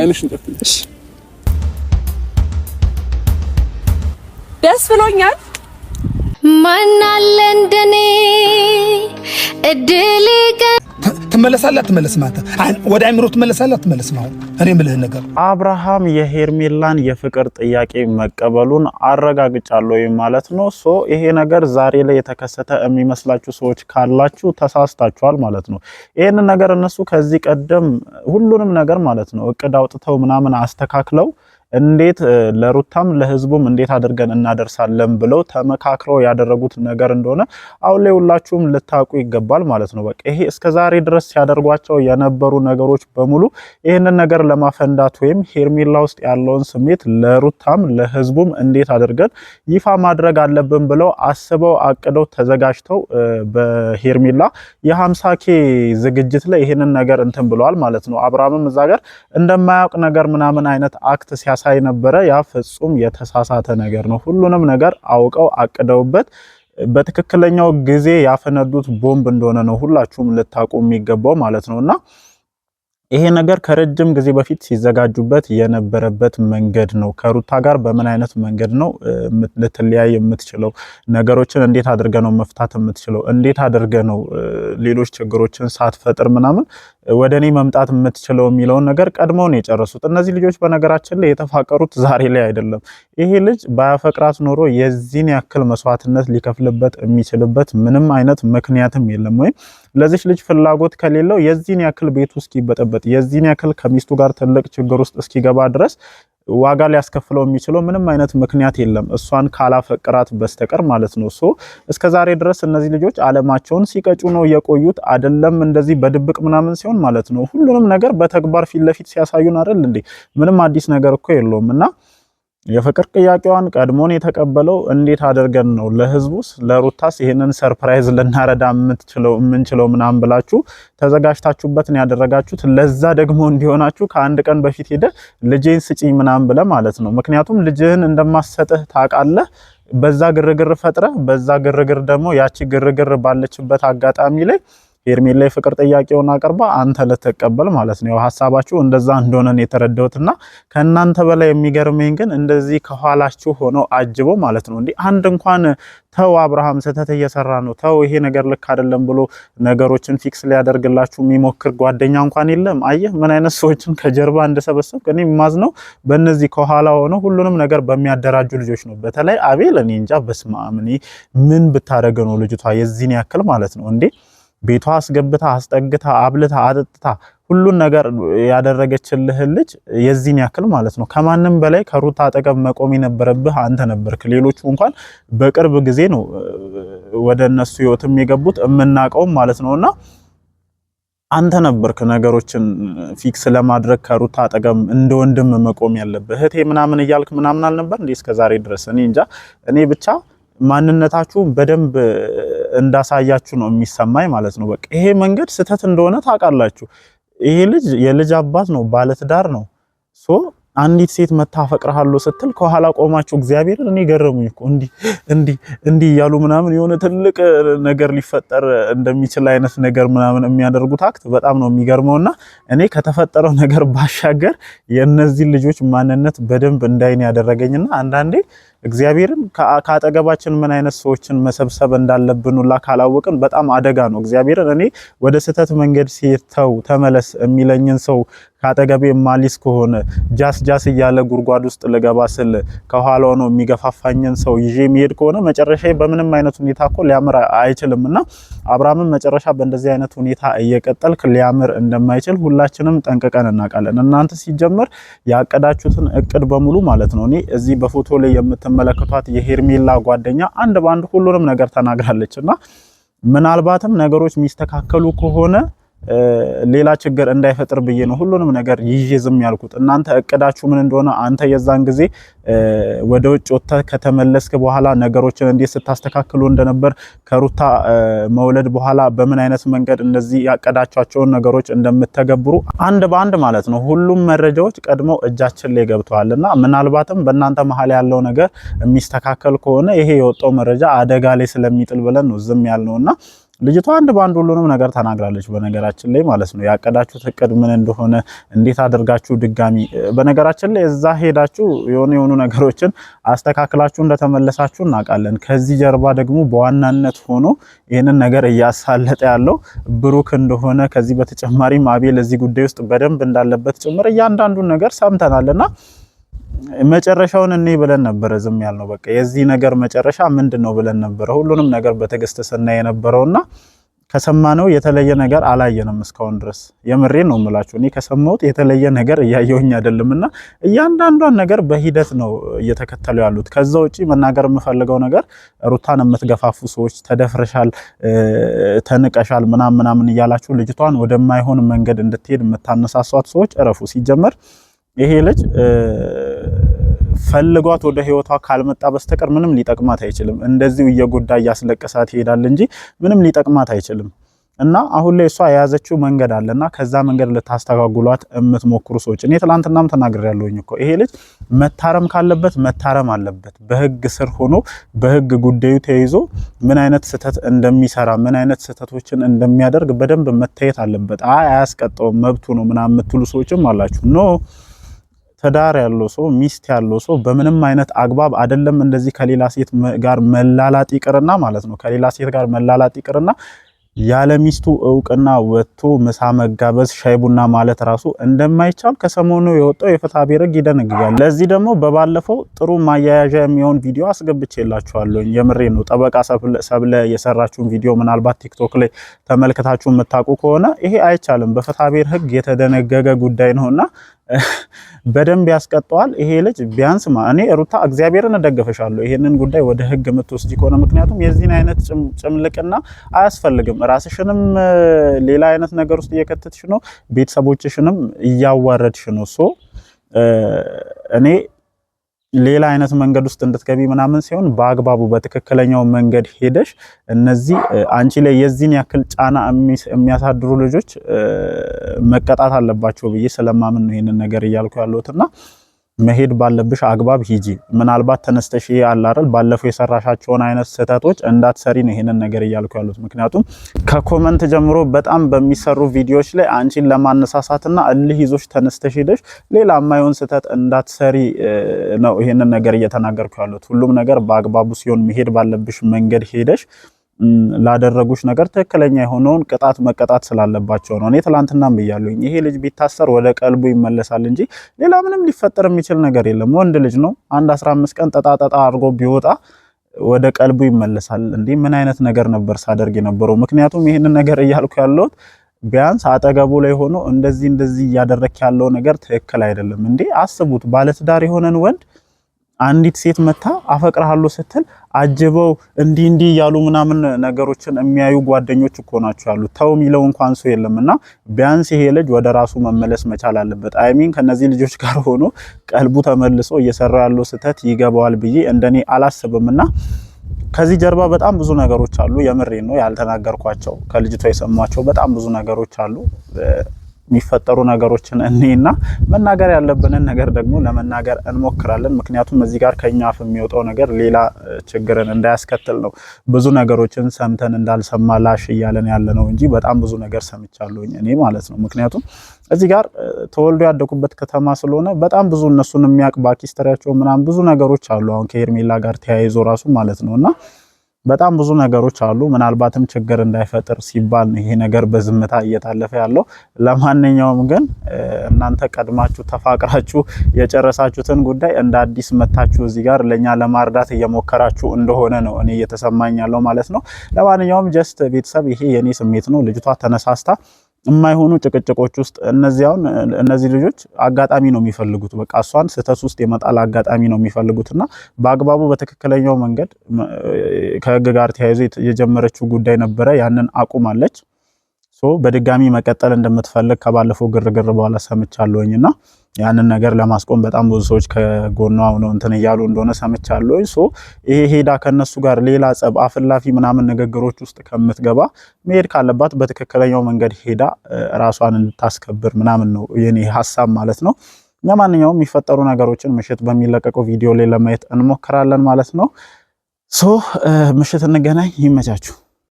አይንሽን ጠፍቶ ደስ ብሎኛል። ማን አለ እንደኔ እድል ትመለሳለህ አትመለስም? አንተ ወደ አይምሮ ትመለሳለህ አትመለስም? አሁን እኔ የምልህን ነገር አብርሃም የሄርሜላን የፍቅር ጥያቄ መቀበሉን አረጋግጫለሁ ማለት ነው። ሶ ይሄ ነገር ዛሬ ላይ የተከሰተ የሚመስላችሁ ሰዎች ካላችሁ ተሳስታችኋል ማለት ነው። ይህን ነገር እነሱ ከዚህ ቀደም ሁሉንም ነገር ማለት ነው እቅድ አውጥተው ምናምን አስተካክለው እንዴት ለሩታም ለህዝቡም እንዴት አድርገን እናደርሳለን ብለው ተመካክረው ያደረጉት ነገር እንደሆነ አሁን ላይ ሁላችሁም ልታውቁ ይገባል ማለት ነው። በቃ ይሄ እስከ ዛሬ ድረስ ሲያደርጓቸው የነበሩ ነገሮች በሙሉ ይህንን ነገር ለማፈንዳት ወይም ሄርሜላ ውስጥ ያለውን ስሜት ለሩታም ለህዝቡም እንዴት አድርገን ይፋ ማድረግ አለብን ብለው አስበው አቅደው ተዘጋጅተው በሄርሜላ የሀምሳ ኬ ዝግጅት ላይ ይህንን ነገር እንትን ብለዋል ማለት ነው። አብርሃምም እዛ ጋር እንደማያውቅ ነገር ምናምን አይነት አክት ሲያ ሲያሳይ ነበረ። ያ ፍጹም የተሳሳተ ነገር ነው። ሁሉንም ነገር አውቀው አቅደውበት በትክክለኛው ጊዜ ያፈነዱት ቦምብ እንደሆነ ነው ሁላችሁም ልታውቁ የሚገባው ማለት ነውና ይሄ ነገር ከረጅም ጊዜ በፊት ሲዘጋጁበት የነበረበት መንገድ ነው። ከሩታ ጋር በምን አይነት መንገድ ነው ልትለያይ የምትችለው? ነገሮችን እንዴት አድርገ ነው መፍታት የምትችለው? እንዴት አድርገ ነው ሌሎች ችግሮችን ሳትፈጥር ምናምን ወደ እኔ መምጣት የምትችለው የሚለውን ነገር ቀድመው ነው የጨረሱት። እነዚህ ልጆች በነገራችን ላይ የተፋቀሩት ዛሬ ላይ አይደለም። ይሄ ልጅ ባያፈቅራት ኖሮ የዚህን ያክል መስዋዕትነት ሊከፍልበት የሚችልበት ምንም አይነት ምክንያትም የለም። ወይም ለዚች ልጅ ፍላጎት ከሌለው የዚህን ያክል ቤቱ እስኪበጠበጥ፣ የዚህን ያክል ከሚስቱ ጋር ትልቅ ችግር ውስጥ እስኪገባ ድረስ ዋጋ ሊያስከፍለው የሚችለው ምንም አይነት ምክንያት የለም፣ እሷን ካላፈቅራት በስተቀር ማለት ነው። ሶ እስከ ዛሬ ድረስ እነዚህ ልጆች አለማቸውን ሲቀጩ ነው የቆዩት። አይደለም እንደዚህ በድብቅ ምናምን ሲሆን ማለት ነው። ሁሉንም ነገር በተግባር ፊት ለፊት ሲያሳዩን አይደል እንዴ? ምንም አዲስ ነገር እኮ የለውም እና የፍቅር ጥያቄዋን ቀድሞን የተቀበለው እንዴት አድርገን ነው ለህዝቡስ ለሩታስ ይህንን ሰርፕራይዝ ልናረዳ የምትችለው የምንችለው ምናምን ብላችሁ ተዘጋጅታችሁበትን ያደረጋችሁት። ለዛ ደግሞ እንዲሆናችሁ ከአንድ ቀን በፊት ሄደ ልጄን ስጪኝ ምናምን ብለ ማለት ነው። ምክንያቱም ልጅህን እንደማሰጥህ ታውቃለህ። በዛ ግርግር ፈጥረ በዛ ግርግር ደግሞ ያቺ ግርግር ባለችበት አጋጣሚ ላይ ሄርሜላ የፍቅር ጥያቄውን አቅርባ አንተ ልትቀበል ማለት ነው። ሀሳባችሁ እንደዛ እንደሆነን የተረዳሁትና ከእናንተ በላይ የሚገርመኝ ግን እንደዚህ ከኋላችሁ ሆኖ አጅቦ ማለት ነው እንዲህ አንድ እንኳን ተው አብርሃም ስህተት እየሰራ ነው፣ ተው ይሄ ነገር ልክ አይደለም ብሎ ነገሮችን ፊክስ ሊያደርግላችሁ የሚሞክር ጓደኛ እንኳን የለም። አየህ ምን አይነት ሰዎችን ከጀርባ እንደሰበሰብ እኔ የማዝነው በእነዚህ ከኋላ ሆኖ ሁሉንም ነገር በሚያደራጁ ልጆች ነው። በተለይ አቤል እኔ እንጃ በስማምኔ ምን ብታደረገ ነው ልጅቷ የዚህን ያክል ማለት ነው እንዴ ቤቷ አስገብታ አስጠግታ አብልታ አጥጥታ ሁሉን ነገር ያደረገችልህ ልጅ የዚህን ያክል ማለት ነው። ከማንም በላይ ከሩታ አጠገብ መቆም የነበረብህ አንተ ነበርክ። ሌሎቹ እንኳን በቅርብ ጊዜ ነው ወደ እነሱ ህይወትም የገቡት የምናውቀውም ማለት ነው እና አንተ ነበርክ ነገሮችን ፊክስ ለማድረግ ከሩታ አጠገብ እንደ ወንድም መቆም ያለብህ። እህቴ ምናምን እያልክ ምናምን አልነበር እንዴ እስከ ዛሬ ድረስ? እኔ እንጃ እኔ ብቻ ማንነታችሁን በደንብ እንዳሳያችሁ ነው የሚሰማኝ ማለት ነው። በቃ ይሄ መንገድ ስህተት እንደሆነ ታውቃላችሁ። ይሄ ልጅ የልጅ አባት ነው፣ ባለትዳር ነው። ሶ አንዲት ሴት መታ አፈቅርሃለሁ ስትል ከኋላ ቆማችሁ እግዚአብሔርን እኔ ገረሙኝ እኮ እንዲህ እንዲህ እንዲህ እያሉ ምናምን የሆነ ትልቅ ነገር ሊፈጠር እንደሚችል አይነት ነገር ምናምን የሚያደርጉት አክት በጣም ነው የሚገርመውና እኔ ከተፈጠረው ነገር ባሻገር የእነዚህ ልጆች ማንነት በደንብ እንዳይን ያደረገኝና አንዳንዴ እግዚአብሔርን ከአጠገባችን ምን አይነት ሰዎችን መሰብሰብ እንዳለብን ሁላ ካላወቅን በጣም አደጋ ነው። እግዚአብሔርን እኔ ወደ ስህተት መንገድ ሲተው ተመለስ የሚለኝን ሰው ከአጠገቤ ማሊስ ከሆነ ጃስ ጃስ እያለ ጉድጓድ ውስጥ ልገባ ስል ከኋላ ነው የሚገፋፋኝን ሰው ይዤ የሚሄድ ከሆነ መጨረሻ በምንም አይነት ሁኔታ እኮ ሊያምር አይችልም እና አብርሃምን መጨረሻ በእንደዚህ አይነት ሁኔታ እየቀጠልክ ሊያምር እንደማይችል ሁላችንም ጠንቅቀን እናውቃለን። እናንተ ሲጀመር ያቀዳችሁትን እቅድ በሙሉ ማለት ነው እኔ እዚህ በፎቶ ላይ የምት የምትመለከቷት የሄርሜላ ጓደኛ አንድ በአንድ ሁሉንም ነገር ተናግራለች እና ምናልባትም ነገሮች የሚስተካከሉ ከሆነ ሌላ ችግር እንዳይፈጥር ብዬ ነው ሁሉንም ነገር ይዤ ዝም ያልኩት። እናንተ እቅዳችሁ ምን እንደሆነ አንተ የዛን ጊዜ ወደ ውጭ ወጥተህ ከተመለስክ በኋላ ነገሮችን እንዴት ስታስተካክሉ እንደነበር ከሩታ መውለድ በኋላ በምን አይነት መንገድ እነዚህ ያቀዳቸዋቸውን ነገሮች እንደምተገብሩ አንድ በአንድ ማለት ነው ሁሉም መረጃዎች ቀድመው እጃችን ላይ ገብተዋል እና ምናልባትም በእናንተ መሀል ያለው ነገር የሚስተካከል ከሆነ ይሄ የወጣው መረጃ አደጋ ላይ ስለሚጥል ብለን ነው ዝም ያልነው እና ልጅቷ አንድ በአንድ ሁሉንም ነገር ተናግራለች። በነገራችን ላይ ማለት ነው ያቀዳችሁ እቅድ ምን እንደሆነ እንዴት አድርጋችሁ ድጋሚ በነገራችን ላይ እዛ ሄዳችሁ የሆነ የሆኑ ነገሮችን አስተካክላችሁ እንደተመለሳችሁ እናውቃለን። ከዚህ ጀርባ ደግሞ በዋናነት ሆኖ ይህንን ነገር እያሳለጠ ያለው ብሩክ እንደሆነ ከዚህ በተጨማሪም አቤል እዚህ ጉዳይ ውስጥ በደንብ እንዳለበት ጭምር እያንዳንዱን ነገር ሰምተናል መጨረሻውን እኔ ብለን ነበረ ዝም ያልነው። በቃ የዚህ ነገር መጨረሻ ምንድን ነው ብለን ነበረ ሁሉንም ነገር በትዕግስት ስናይ የነበረውና ከሰማነው የተለየ ነገር አላየንም እስካሁን ድረስ። የምሬ ነው የምላችሁ። እኔ ከሰማሁት የተለየ ነገር እያየሁኝ አይደለምና እያንዳንዷን ነገር በሂደት ነው እየተከተሉ ያሉት። ከዛ ውጪ መናገር የምፈልገው ነገር ሩታን የምትገፋፉ ሰዎች ተደፍረሻል፣ ተንቀሻል፣ ምናምን ምናምን እያላችሁ ልጅቷን ወደማይሆን መንገድ እንድትሄድ የምታነሳሷት ሰዎች እረፉ ሲጀመር ይሄ ልጅ ፈልጓት ወደ ህይወቷ ካልመጣ በስተቀር ምንም ሊጠቅማት አይችልም። እንደዚሁ እየጎዳ እያስለቀሳት ይሄዳል እንጂ ምንም ሊጠቅማት አይችልም። እና አሁን ላይ እሷ የያዘችው መንገድ አለና ከዛ መንገድ ልታስተጓጉሏት የምትሞክሩ ሰዎች እኔ ትላንትናም ያለውኝ እኮ ይሄ ልጅ መታረም ካለበት መታረም አለበት። በህግ ስር ሆኖ በህግ ጉዳዩ ተይዞ ምን አይነት ስህተት እንደሚሰራ ምን አይነት ስህተቶችን እንደሚያደርግ በደንብ መታየት አለበት። አይ አያስቀጣውም፣ መብቱ ነው ምናምን የምትሉ ሰዎችም አላችሁ ኖ ትዳር ያለው ሰው ሚስት ያለው ሰው በምንም አይነት አግባብ አይደለም እንደዚህ ከሌላ ሴት ጋር መላላጥ ይቅርና ማለት ነው ከሌላ ሴት ጋር መላላጥ ይቅርና ያለ ሚስቱ እውቅና ወጥቶ ምሳ መጋበዝ ሻይ ቡና ማለት ራሱ እንደማይቻል ከሰሞኑ የወጣው የፍትሐ ብሔር ሕግ ይደነግጋል። ለዚህ ደግሞ በባለፈው ጥሩ ማያያዣ የሚሆን ቪዲዮ አስገብቼላችኋለሁ። የምሬ ነው። ጠበቃ ሰብለ የሰራችውን ቪዲዮ ምናልባት ቲክቶክ ላይ ተመልክታችሁ የምታውቁ ከሆነ ይሄ አይቻልም፣ በፍትሐ ብሔር ሕግ የተደነገገ ጉዳይ ነውና በደንብ ያስቀጠዋል። ይሄ ልጅ ቢያንስ እኔ ሩታ እግዚአብሔርን እደገፈሻለሁ ይሄንን ጉዳይ ወደ ህግ የምትወስጂ ከሆነ ምክንያቱም የዚህን አይነት ጭምልቅና አያስፈልግም። ራስሽንም ሌላ አይነት ነገር ውስጥ እየከተትሽ ነው፣ ቤተሰቦችሽንም እያዋረድሽ ነው። ሶ እኔ ሌላ አይነት መንገድ ውስጥ እንድትገቢ ምናምን ሲሆን በአግባቡ በትክክለኛው መንገድ ሄደሽ እነዚህ አንቺ ላይ የዚህን ያክል ጫና የሚያሳድሩ ልጆች መቀጣት አለባቸው ብዬ ስለማምን ነው ይሄንን ነገር እያልኩ ያለሁት እና መሄድ ባለብሽ አግባብ ሂጂ። ምናልባት ተነስተሽ ይሄ አላረል ባለፈው የሰራሻቸውን አይነት ስህተቶች እንዳትሰሪ ነው ይሄንን ነገር እያልኩ ያሉት። ምክንያቱም ከኮመንት ጀምሮ በጣም በሚሰሩ ቪዲዮዎች ላይ አንቺን ለማነሳሳትና እልህ ይዞሽ ተነስተሽ ሄደሽ ሌላ የማይሆን ስህተት እንዳትሰሪ ነው ይሄንን ነገር እየተናገርኩ ያሉት። ሁሉም ነገር በአግባቡ ሲሆን መሄድ ባለብሽ መንገድ ሄደሽ ላደረጉሽ ነገር ትክክለኛ የሆነውን ቅጣት መቀጣት ስላለባቸው ነው። እኔ ትላንትናም ብያለሁኝ ይሄ ልጅ ቢታሰር ወደ ቀልቡ ይመለሳል እንጂ ሌላ ምንም ሊፈጠር የሚችል ነገር የለም። ወንድ ልጅ ነው። አንድ 15 ቀን ጠጣጠጣ አድርጎ ቢወጣ ወደ ቀልቡ ይመለሳል። እንዲህ ምን አይነት ነገር ነበር ሳደርግ የነበረው? ምክንያቱም ይህንን ነገር እያልኩ ያለሁት ቢያንስ አጠገቡ ላይ ሆኖ እንደዚህ እንደዚህ እያደረክ ያለው ነገር ትክክል አይደለም። እንዴ አስቡት፣ ባለትዳር የሆነን ወንድ አንዲት ሴት መታ አፈቅርሃለሁ ስትል አጅበው እንዲህ እንዲህ እያሉ ምናምን ነገሮችን የሚያዩ ጓደኞች እኮ ናቸው ያሉት። ተው የሚለው እንኳን ሰው የለም። እና ቢያንስ ይሄ ልጅ ወደ ራሱ መመለስ መቻል አለበት። አይሚን ከነዚህ ልጆች ጋር ሆኖ ቀልቡ ተመልሶ እየሰራ ያለው ስህተት ይገባዋል ብዬ እንደኔ አላስብም። እና ከዚህ ጀርባ በጣም ብዙ ነገሮች አሉ። የምሬ ነው ያልተናገርኳቸው፣ ከልጅቷ የሰማቸው በጣም ብዙ ነገሮች አሉ። የሚፈጠሩ ነገሮችን እኔና መናገር ያለብንን ነገር ደግሞ ለመናገር እንሞክራለን። ምክንያቱም እዚህ ጋር ከኛ አፍ የሚወጣው ነገር ሌላ ችግርን እንዳያስከትል ነው። ብዙ ነገሮችን ሰምተን እንዳልሰማ ላሽ እያለን ያለ ነው እንጂ በጣም ብዙ ነገር ሰምቻለሁኝ እኔ ማለት ነው። ምክንያቱም እዚህ ጋር ተወልዶ ያደጉበት ከተማ ስለሆነ በጣም ብዙ እነሱን የሚያውቅ ባኪስተሪያቸው ምናምን ብዙ ነገሮች አሉ አሁን ከሄርሜላ ጋር ተያይዞ ራሱ ማለት ነው እና በጣም ብዙ ነገሮች አሉ። ምናልባትም ችግር እንዳይፈጥር ሲባል ይሄ ነገር በዝምታ እየታለፈ ያለው። ለማንኛውም ግን እናንተ ቀድማችሁ ተፋቅራችሁ የጨረሳችሁትን ጉዳይ እንደ አዲስ መታችሁ እዚህ ጋር ለእኛ ለማርዳት እየሞከራችሁ እንደሆነ ነው እኔ እየተሰማኝ ያለው ማለት ነው። ለማንኛውም ጀስት ቤተሰብ ይሄ የኔ ስሜት ነው። ልጅቷ ተነሳስታ የማይሆኑ ጭቅጭቆች ውስጥ እነዚያውን እነዚህ ልጆች አጋጣሚ ነው የሚፈልጉት። በቃ እሷን ስህተት ውስጥ የመጣል አጋጣሚ ነው የሚፈልጉት እና በአግባቡ በትክክለኛው መንገድ ከህግ ጋር ተያይዞ የጀመረችው ጉዳይ ነበረ። ያንን አቁማለች። ሶ በድጋሚ መቀጠል እንደምትፈልግ ከባለፈው ግርግር በኋላ ሰምቻለሁኝ እና ያንን ነገር ለማስቆም በጣም ብዙ ሰዎች ከጎኗ ሆነው እንትን እያሉ እንደሆነ ሰምቻለሁ። ሶ ይሄ ሄዳ ከነሱ ጋር ሌላ ጸብ፣ አፍላፊ ምናምን ንግግሮች ውስጥ ከምትገባ መሄድ ካለባት በትክክለኛው መንገድ ሄዳ ራሷን እንድታስከብር ምናምን ነው የኔ ሀሳብ ማለት ነው። ለማንኛውም የሚፈጠሩ ነገሮችን ምሽት በሚለቀቀው ቪዲዮ ላይ ለማየት እንሞክራለን ማለት ነው። ሶ ምሽት እንገናኝ። ይመቻችሁ።